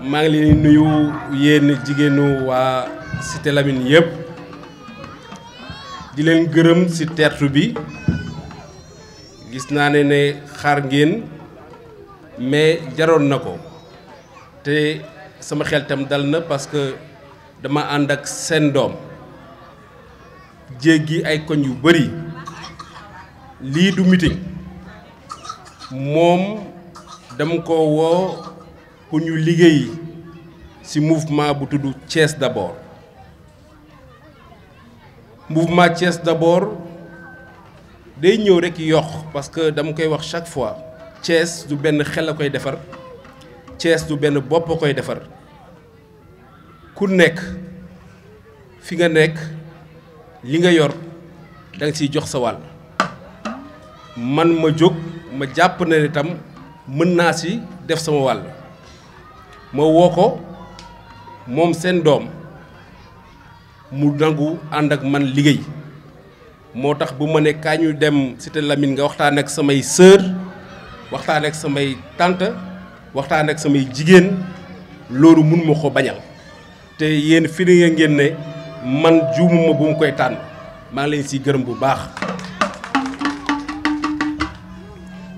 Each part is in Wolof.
maa ngi leen nuyu yéen jigéenu waa Cité Lamine yépp di leen gërëm ci tertu bi gis naa ne ne xaar ngeen mais jaroon na ko te sama xel tam dal na parce que dama ànd ak seen doom jéggi ay koñ yu bari lii du meeting moom dama ko woo pour ñu liggéey ci mouvement bu tudd Thiès d'abord mouvement Thiès d'abord day ñëw rekk yokk parce que dama koy wax chaque fois Thiès du benn xel a koy defar Thiès du benn bopp a koy defar ku nekk fi nga nekk li nga yor da nga ciy jox sa wàll man ma jóg ma jàpp na ne tam mën naa ci def sama wàll ma woo ko moom seen doom mu nangu ànd ak man liggéey moo tax bu ma ne kaa ñu dem cité Lamine nga waxtaan ak samay sœur waxtaan ak samay tànt waxtaan ak samay jigéen loolu mënuma ma ko bañal te yéen fi nga ngeen ne man juumuma bu mu koy tànn maa ngi leen siy gërëm bu baax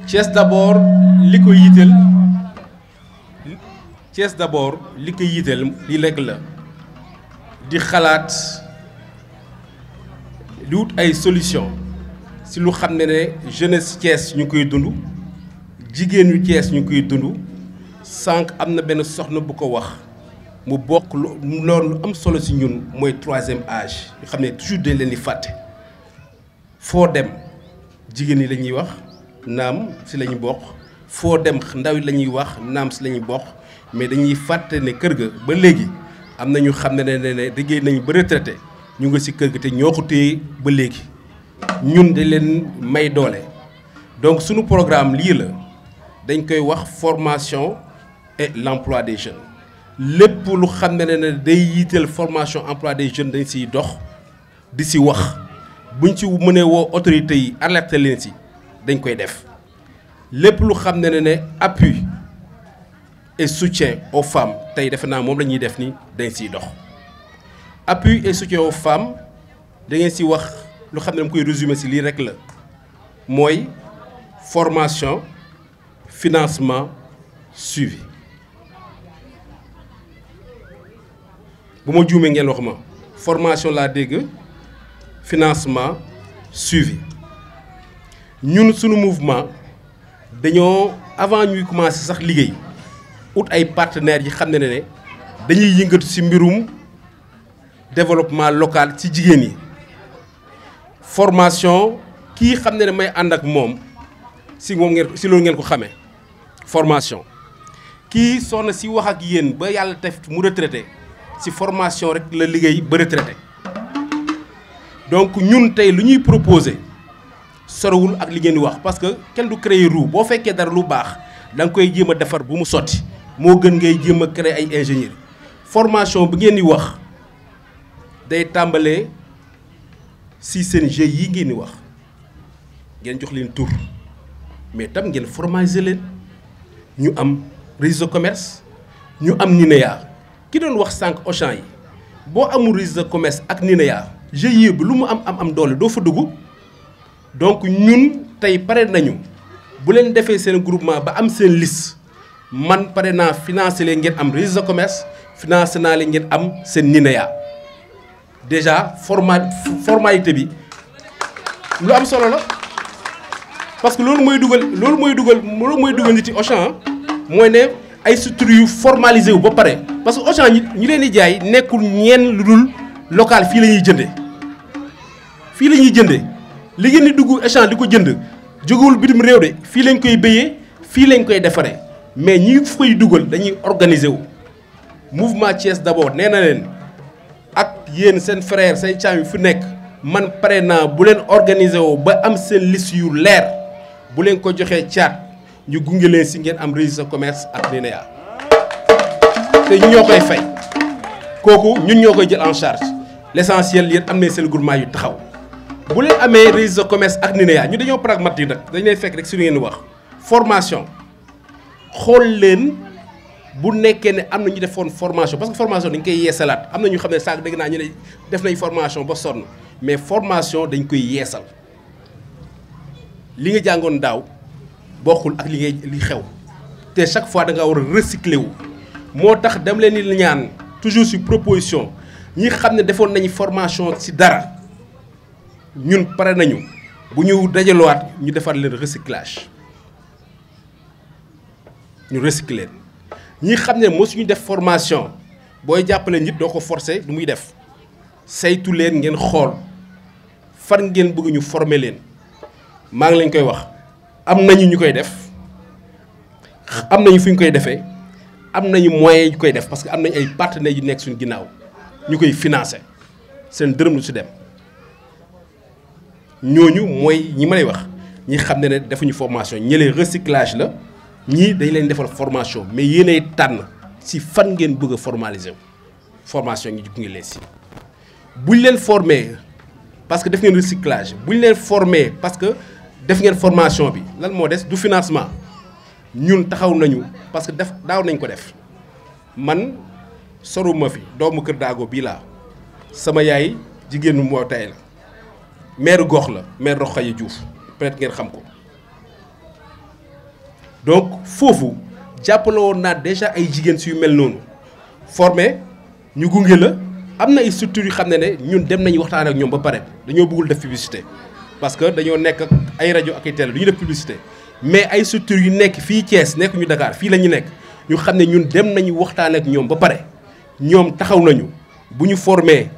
Thiès d'abord li ko yitteel Thiès d'abord li ko yiiteel li lekk la di xalaat li wut ay solution si lu xam ne ne jeunesse Thiès ñu koy dund jigéen ñu Thiès ñu koy dund sànq am na benn soxna bu ko wax mu bokk lu am solo si ñun mooy troisième age ñu xam ne toujours dañ leen di fàtte foo dem jigéen yi lañuy wax naam si la bokk foo dem ndaw yi la wax naam si lañuy bokk mais dañuy fàtte ne kër ga ba léegi am na ñu xam ne ne ne liggéey nañu ba retraité ñu nga ci kër ga te ñoo ko ba léegi ñun di leen may doole. donc suñu programme lii la dañ koy wax formation et l'emploi des jeunes lépp lu xam ne ne day yiiteel formation emploi des jeunes dañ ciy dox di ci wax buñ ci mënee woo autorités yi alerté leen ci dañ koy def lépp lu xam ne ne appui. et soutien aux femme tey defe naa moom la ñuy def ni dañ siy dox appui et soutien aux femme da ngeen si wax lu xam ne dama koy résumer si lii rek la mooy formation financement suivi bu ma juumee ngeen wax ma formation laa dégg financement suivi ñun sunu mouvement dañoo avant ñuy commencer sax liggéey ut ay partenaires yi xam ne ne dañuy yëngatu ci mbirum développement local ci jigéen yi formation kii xam ne ne may ànd ak moom si moom ngeen si loolu ngeen ko xamee formation kii soxna si wax ak yéen ba yàlla tef mu retraité si formation rek la liggéey ba retraité donc ñun tey lu ñuy proposé sorowul ak li ngeen di wax parce que kenn du créer ru boo fekkee dara lu baax da nga koy jéem a defar bu mu sotti moo gën ngay jéem a créer ay ingénieur formation bi ngeen di wax day tàmbalee si seen GIE yi ngeen di wax ngeen jox leen tur mais tam ngeen formaliser leen ñu am registre de commerce ñu am NINEA ki doon wax sànq Auchan yi boo amul registre de commerce ak NINEA GIE bi lu mu am am am doole doo fa dugg donc ñun tey pare nañu bu leen defee seen groupement ba am seen liste man pare naa financé leen ngeen am registre de commerce financé naa leen ngeen am seen NINEA déjà forma formalité bi lu am solo la parce que loolu mooy dugal loolu mooy dugal loolu mooy dugal nit yi Auchan ah, mooy ne ay structures yu formalisé wu ba pare parce que Auchan ñi ñi leen di jaay nekkul ñeen lu dul local fii la ñuy jëndee fii la ñuy jëndee li ngeen di dugg Auchan di ko jënd jógewul bitim réew de fii lañ koy béyee fii lañ koy defaree. mais ñi yu dugal dañuy organiser wu mouvement Thiès d'abord nee na leen ak yéen seen frère seen caam yu fu nekk man pare naa bu leen organiser woo ba am seen liste yu leer bu leen ko joxee caat yu gunge leen si ngeen am registre commerce ak LINEA te ñu ñoo koy fay kooku ñun ñoo koy jël en charge l'essentiel yéen am ne seen groupement yu taxaw bu leen amee registre commerce ak LINEA ñu dañoo pragmatique nag dañ lay fekk rek suñu ngeen wax formation xool leen bu nekkee ne am na ñu defoon formation parce que formation dañ koy yeesalaat am na ñu xam ne saak dégg naa ñu ne def nañ formation ba sonn mais formation dañ koy yeesal li nga jàngoon daaw xul ak li nga li xew te chaque fois da nga war a recycler wu. moo tax dem leen di ñaan toujours sur proposition ñi xam ne defoon nañu formation ci dara ñun pare nañu bu ñu dajaluwaat ñu defar leen recyclage. ñu leen ñi xam ne suñu def formation booy jàppalee nit doo ko forcer du muy def saytu leen ngeen xool fan ngeen bëgguñu ñu leen maa ngi leen koy wax am nañu ñu koy def am nañu fu ñu koy defee am nañu moyens ñu koy def parce que am nañu ay partenaires yu nekk suñu ginnaaw ñu koy financé seen dërëm lu si dem ñooñu mooy ñi ma lay wax ñi xam ne ne defuñu formation ñële recyclage la. ñii dañ leen defal formation mais yéenay tànn si fan ngeen bëgg a formaliser formation ñu gunge leen si buñ leen formé parce que def ngeen bu ñu leen formé parce que def ngeen formation bi lan moo des du financement ñun taxaw nañu parce que def daaw nañ ko def man soruma fi doomu Kër Daago bii laa sama yaay jigéenu moo tay la maire gox la maire Rokhaya Diouf peut-être ngeen xam ko donc foofu jàppale woon naa déjà ay jigéen si yu mel noonu formé ñu gunge la am na ay structures yu xam ne ne ñun dem nañu waxtaan ak ñoom ba pare dañoo bëggul def publicité parce que dañoo nekk ay rajo ak ay ñu def publicité mais ay structures yu nekk fii Thiès nekk ñu Dakar fii la ñu nekk ñu xam ne ñun dem nañu waxtaan ak ñoom ba pare ñoom taxaw nañu bu ñu formé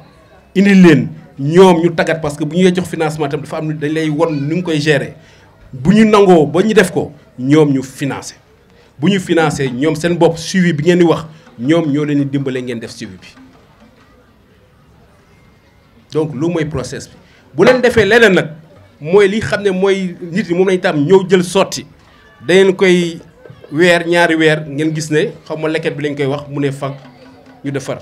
indi leen ñoom ñu tagat parce que bu ñu jox financement tam dafa am dañ lay won ni nga koy gérer bu ñu nangoo ba ñu def ko ñoom ñu financé bu ñu financé ñoom seen bopp suivi bi ngeen di wax ñoom ñoo leen di dimbale ngeen def suivi bi donc lu mooy process bi bu leen defee leneen nag mooy li xam ne mooy nit yi moom lañu tam ñëw jël sotti dangeen koy weer ñaari weer ngeen gis ne xaw ma leket bi lañ koy wax mu ne fag ñu defar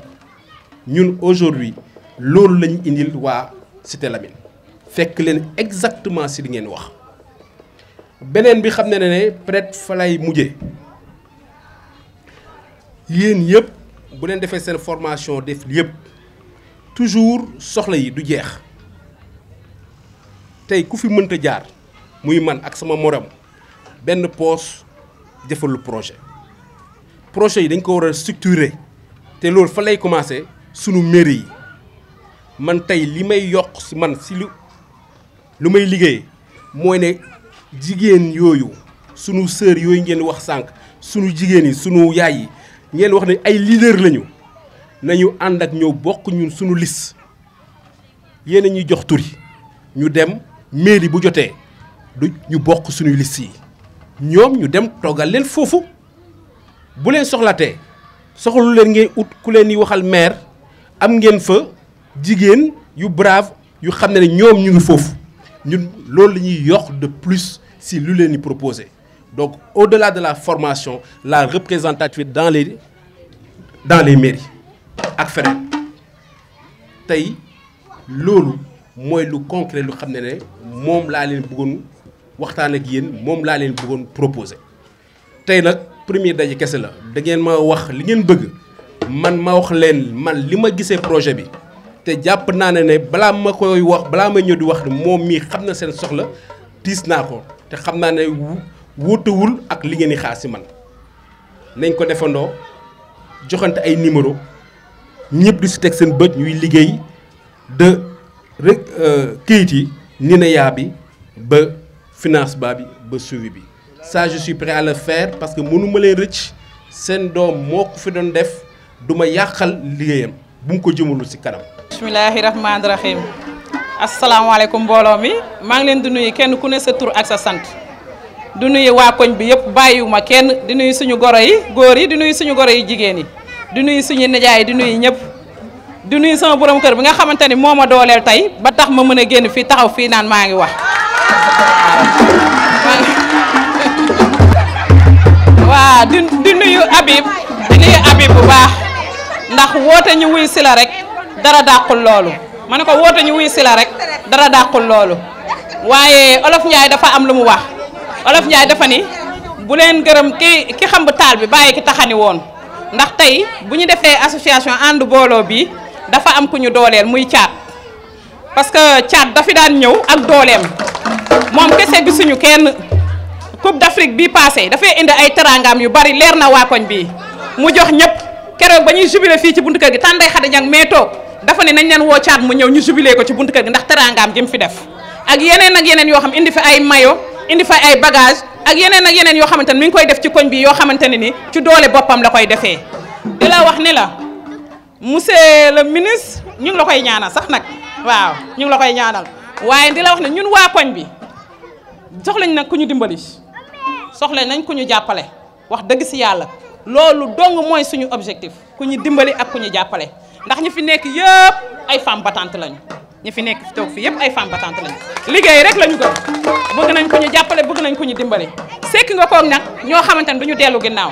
ñun aujourd'hui loolu lañu indil waa Cité Lamy fekk leen exactement si li ngeen wax beneen bi xam ne ne peut-être fa lay mujje yéen yëpp bu leen defee seen formation def yëpp toujours soxla yi du jeex tey ku fi mënta jaar muy man ak sama morom benn poos jëfalu projet projet yi dañ ko war a structurer te loolu fa lay commencer sunu mairie yi man tey li may yokk si man si lu lu may liggéey mooy ne jigéen yooyu sunu sœur yooyu ngeen wax sànq sunu jigéen yi sunu yaay yi ngeen wax ne ay leader lañu nañu ànd ak ñëw bokk ñun sunu lis yéen ñuy jox turi ñu dem mairie bu jotee du ñu bokk suñuy lis yi ñoom ñu dem toggal leen foofu bu leen soxlatee soxlu leen ngay ut ku leen di waxal maire am ngeen fa jigéen yu brave yu xam ne ne ñoom ñu ngi foofu ñun loolu la ñuy yokk de plus si lu leen di proposé donc au de la de la formation la représentativité dans les dans les mairies ak feneen tey loolu mooy lu concret lu xam ne ne moom laa leen buggoon waxtaan ak yéen moom laa leen bëggoon proposé tey nag premier daje kese la da ngeen ma wax li ngeen bëgg man ma wax leen man li ma gisee projet bi te jàpp naa ne ne balaa ma koy wax balaa ma ñëw di wax moom mii xam na seen soxla tiis naa ko te xam naa ne wóotawul ak li ngeen di xaar si man nañ ko defandoo joxante ay numéro ñëpp di si teg seen bët ñuy liggéey de rek euh, yi NINEA bi ba financement bi ba suivi bi ça je suis prêt à le faire parce que mënu ma leen rëcc seen doom moo ko fi doon def duma yàqal liggéeyam bu mu ko jëmalul si kanam. bismillahi rahmaani rahim asalaamaaleykum mbooloo mi maa ngi leen di nuyu kenn ku ne sa tur ak sa sant du nuyu waa koñ bi yëpp bàyyiwuma kenn di nuyu suñu goro yi góor yi di nuyu suñu goro yi jigéen yi du nuyu suñu nijaay di nuyu ñëpp. di nuyu sama borom kër bi nga xamante ni moo ma dooleel tey ba tax ma mën a génn fii taxaw fii naan maa ngi wax. waaw di nuyu Habib di nuyu Habib bu baax. ndax woote ñu wuy si rek dara dàqul loolu ma ne ko woote ñu wuy sila rek dara dàqul loolu waaye olof Ndiaye dafa am lu mu wax olof Ndiaye dafa ni bu leen gërëm ki ki xam taal bi bàyyi ki taxani woon ndax tey bu ñu defee association ànd booloo bi dafa am ku ñu dooleel muy caat parce que caat dafi daan ñëw ak dooleem moom kese gisuñu kenn Coupe d'Afrique bi passé dafay indi ay teraangaam yu bari leer na waakoñ bi mu jox ñëpp. keroog ba ñuy jubilé ci buntu kër gi tànday xadi ñang mais toog dafa ne nañ leen woo caat mu ñëw ñu jubilé ko ci buntu kër gi ndax teraangaam jëm fi def ak yeneen ak yeneen yoo xam indi fi ay mayo indi fi ay bagage ak yeneen ak yeneen yoo xamante ne mi ngi koy def ci koñ bi yoo xamante ne ni ci doole boppam la koy defee di la wax ni la monsieur la ministre ñu la koy ñaanal sax nag waaw ñu la koy ñaanal waaye di la wax ne ñun waa koñ bi soxlañ nag ku ñu dimbali soxlañ nañ ku ñu jàppale wax dëgg si yàlla loolu dong mooy suñu objectif ku ñu dimbali ak ku ñu jàppale ndax ñi fi nekk yëpp ay femmes battantes lañu ñu fi nekk toog fi yëpp ay femmes battantes lañu liggéey rek la ñu gëm bëgg nañ ku ñu jàppale bëgg nañ ku ñu dimbali sekk nga koog nag ñoo xamante ne du ñu dellu ginnaaw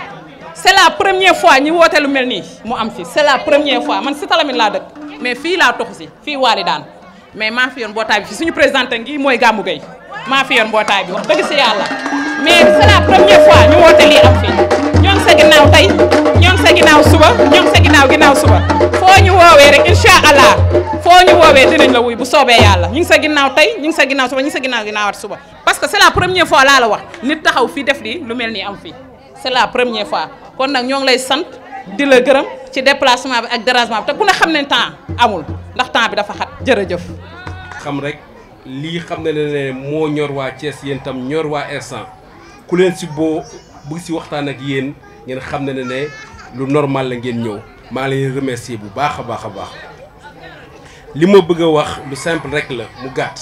c'est la première fois ñi woote lu mel nii mu am fi c'est la première fois man si talamin laa dëkk mais fii laa toxu si fii waali daan mais maa fi yoon mbootaay bi fi suñu présidente ngi mooy Gamou Gueye maa fi yoon bi wax dëgg si yàlla sa ginnaaw tey ñoo ngi sa ginnaaw suba ñoo ngi sa ginnaaw ginnaaw suba foo ñu woowee rek incha allah foo ñu woowee dinañ la wuy bu soobee yàlla ñu ngi sa ginnaaw tey ñu ngi sa ginnaaw suba ñu ngi sa ginnaaw ginnaawaat suba parce que c'est la première fois laa la wax nit taxaw fii def lii lu mel ni am fii c'est la première fois kon nag ñoo ngi lay sant di la gërëm ci déplacement bi ak dérangement bi te ku ne xam ne temps amul ndax temps bi dafa xat jërëjëf xam rek lii xam ne ne moo ñor waa Thiès yéen tam ñor waa Hersent ku si boo bëgg si waxtaan ak yéen ngeen xam ne ne lu normal la ngeen ñëw maa lay remercier bu baax a baax a baax li ma bëgg a wax lu simple rek la mu gàtt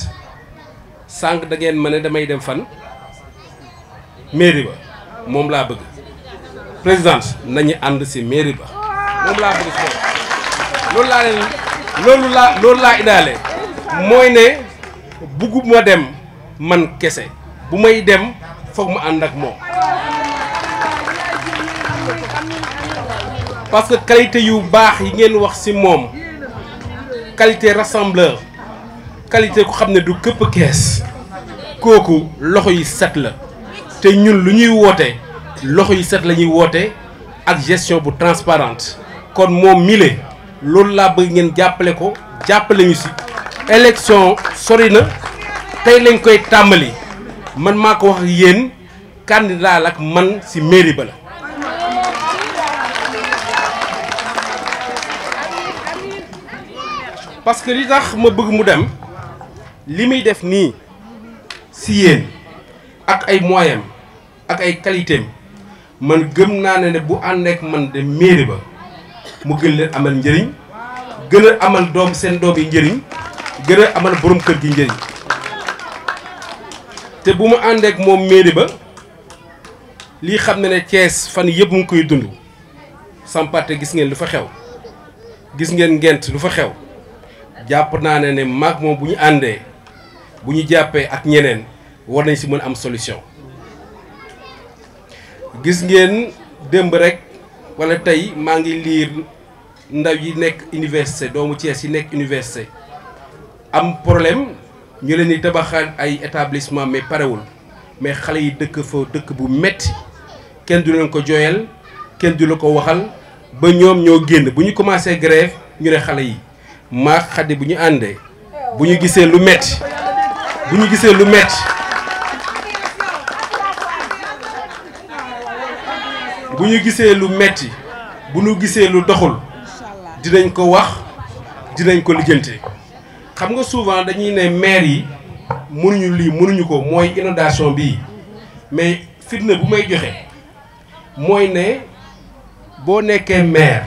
sànq da ngeen ma ne damay dem fan mairie ba moom laa bëgg présidente nañu ànd si mairie ba moom laa bëgg si loolu laa leen loolu laa indaale mooy ne bugguma dem man kese bu may dem foog mu ànd ak moom parce que qualité yu baax yi ngeen wax ci moom qualité rassembleur qualité ku xam ne du këpp kees kooku loxo yi set la te ñun lu ñuy woote loxo yi set la ñuy woote ak gestion bu transparente kon moom mile loolu laa bëgg ngeen jàppale ko jàppale ñu ci élection sori na tey lañ koy tàmbali man maa ko wax yéen candidat la ak man ci mairie ba la parce que li tax ma bëgg mu dem li muy def nii si yéen ak ay moyens ak ay qualités man gëm naa ne ne bu ànd ak man de mairie ba mu gën leen amal njëriñ gën a amal doom seen doom yi njëriñ gën a amal borom kër gi njëriñ te bu mu ànd ak moom mairie ba lii xam ne ne cees fan yëpp mu koy dund Sampaate gis ngeen lu fa xew gis ngeen ngent lu fa xew jàpp naa ne ne mag moom bu ñu àndee bu ñu jàppee ak ñeneen war nañ si mën am solution gis ngeen démb rek wala tey maa ngi liir ndaw yi nekk université doomu Thiès yi nekk université am problème ñu leen di tabaxal ay établissement mais parewul mais xale yi dëkk fa dëkk bu metti kenn du leen ko jooyal kenn du la ko waxal ba ñoom ñoo génn bu ñu commencé grève ñu ne xale yi maa xadi bu ñu àndee bu ñu gisee lu metti bu ñu gisee lu metti bu ñu gisee lu metti bu ñu gisee lu doxul dinañ ko wax dinañ ko lijjante xam nga souvent dañuy ne maire yi mënuñu lii mënuñu ko mooy inondation bi mais fitna bu may joxe mooy ne boo nekkee maire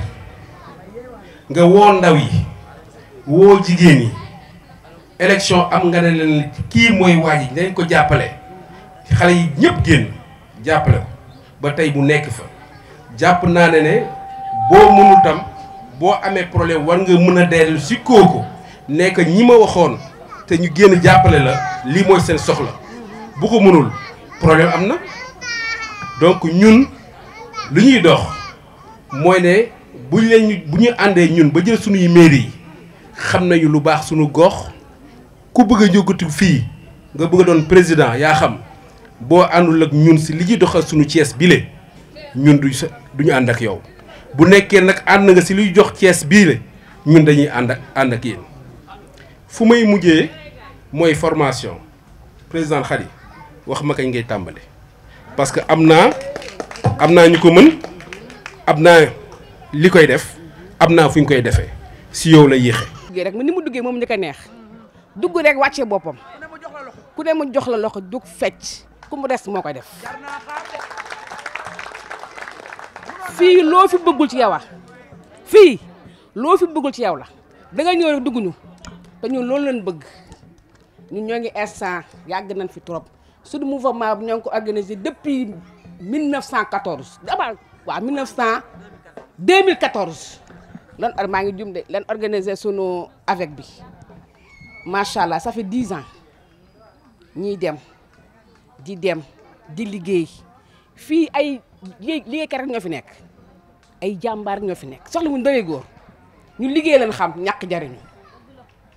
nga woo ndaw yi woo jigéen yi élection am nga ne leen kii mooy waa ji dañ ko jàppale xale yi ñëpp génn jàppale ko ba tey bu nekk fa jàpp naa ne ne boo mënul boo amee problème war nga mën a dellu si kooku nekk ñi ma waxoon te ñu génn jàppale la lii mooy seen soxla bu ko mënul problème am na donc ñun lu ñuy dox mooy ne bu buñ leen bu ñu àndee ñun ba jël suñuy mairie yi xam nañu lu baax suñu gox ku bëgg a jógatu fii nga bëgg a doon président yaa xam boo àndul ak ñun si li ñuy doxal suñu Thiès bile ñun du duñu ànd ak yow bu nekkee nag ànd nga si luy jox Thiès bile ñun dañuy ànd ak ànd ak yéen fu may mujjee mooy formation président Khady wax ma kañ ngay tàmbale parce que am naa am naa ñu ko mën am naa li koy def am naa fu ñu koy defee si yow la yéex duggee rek ni mu duggee moom njëkk a neex dugg rek wàccee boppam ku ne mu jox la loxo dug fecc ku mu des moo koy def fii loo fi bëggul ci yaw a fii loo fi bëggul ci yow la danga ñëw rek dugg ñu te ñun loolu lañ bëgg ñun ñoo ngi instant yàgg nañ fi trop suñu mouvement bi ñoo ngi ko organisé depuis 1914 d'abord waaw 1900 2014 lan maa ngi jum de lan organiser sunu avec bi macha allah ça fait dix ans ñiy dem di dem di liggéey fii ay liggéeykat rek ñoo fi nekk ay jàmbaar ñoo fi nekk soxla mu ndawee góor ñu liggéey leen xam ñàkk jariñu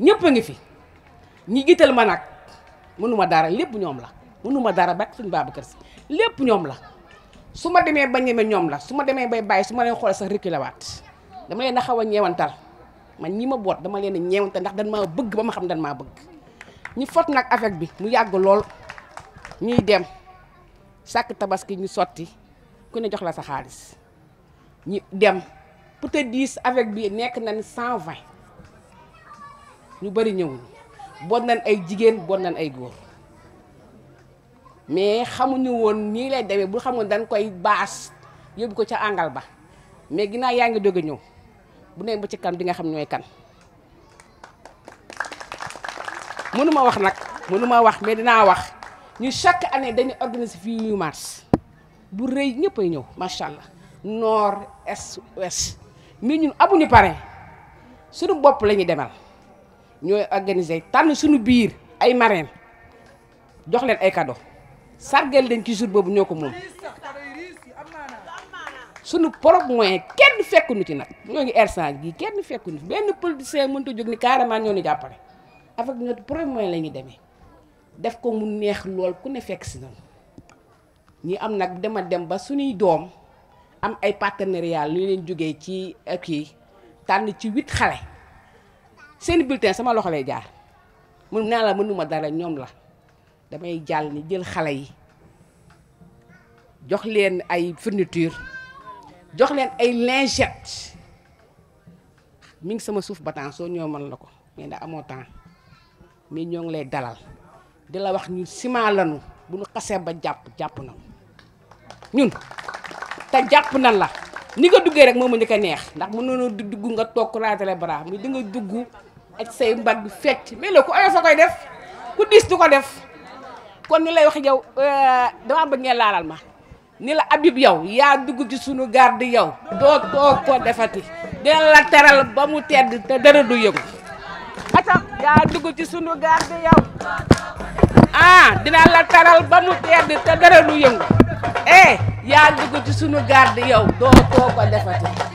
ñëpp a ngi fi ñi jiital ma nag mënuma dara lépp ñoom la mënuma dara ba suñu Babacar Si lépp ñoom la su ma demee ba ñeme ñoom la su ma demee bay bàyyi su ma leen xool sax reculer waat dama leen a xaw ñeewantal man ñi ma boot dama leen a ñeewantal ndax dan maa bëgg ba ma xam dan maa bëgg ñu foot nag avec bi mu yàgg lool ñuy dem sàkk tabaski ñu sotti ku ne jox la sa xaalis ñu dem pour te diis avec bi nekk na nañ cent vingt ñu bëri ñëwuñu boot nañ ay jigéen bon nañ ay góor mais xamuñu woon nii lay demee bu xamoon dañ koy baas yóbbu ko ca àngal ba mais ginnaaw yaa ngi doge ñëw bu ne ba ci kanam di nga xam ñooy kan mënuma wax nag mënu ma wax mais dinaa wax ñu chaque année dañu organiser fii ñu mars bu rëy ñëpp ay ñëw macha allah nord est ouest mais ñun amuñu parrain sunu bopp lañuy demal ñooy organiser tànn suñu biir ay marraines jox leen ay cadeaux sargal leen ci jour boobu ñoo ko moom. suñu propre moyen kenn fekkuñu ci nag ñoo ngi ersan gi kenn fekkuñu ci benn politicien mënut a jóg ni carrément ñoo ñu jàppale avec notre propre moyen la ñuy demee def ko mu neex lool ku ne fekk si noonu ñi am nag dema dem ba suñuy doom am ay partenariat lu leen jógee ci eh, kii tànn ci huit xale seen bulletin sama loxo lay jaar mun naa la mënuma dara ñoom la damay jàll ni jël xale yi jox leen ay fourniture jox leen ay lingette mu ngi sama suuf batan soo ñëw mën la ko mais a amoo temps mais ñoo ngi lay dalal di la wax ñu ciment lanu bu ñu xasee ba jàpp jàpp na ñun te jàpp nan la ni nga duggee rek moo ma njëkk a neex ndax mënoonoo di dugg nga toog raatale bara mi di nga dugg ak say mbagg fecc mais la ku oyof a koy def ku diis du ko def kon ni lay wax yow euh, dama bëgg ngeen laalal ma ni la Habib yow yaa dugg ci sunu garde yow doo doo ko defati den la teral ba mu tedd te dara du yëngu atam yaa dugg ci sunu garde yow ah dina la teral ba mu tedd te dara du yëngu eh yaa dugg ci sunu garde yow doo doo ko defati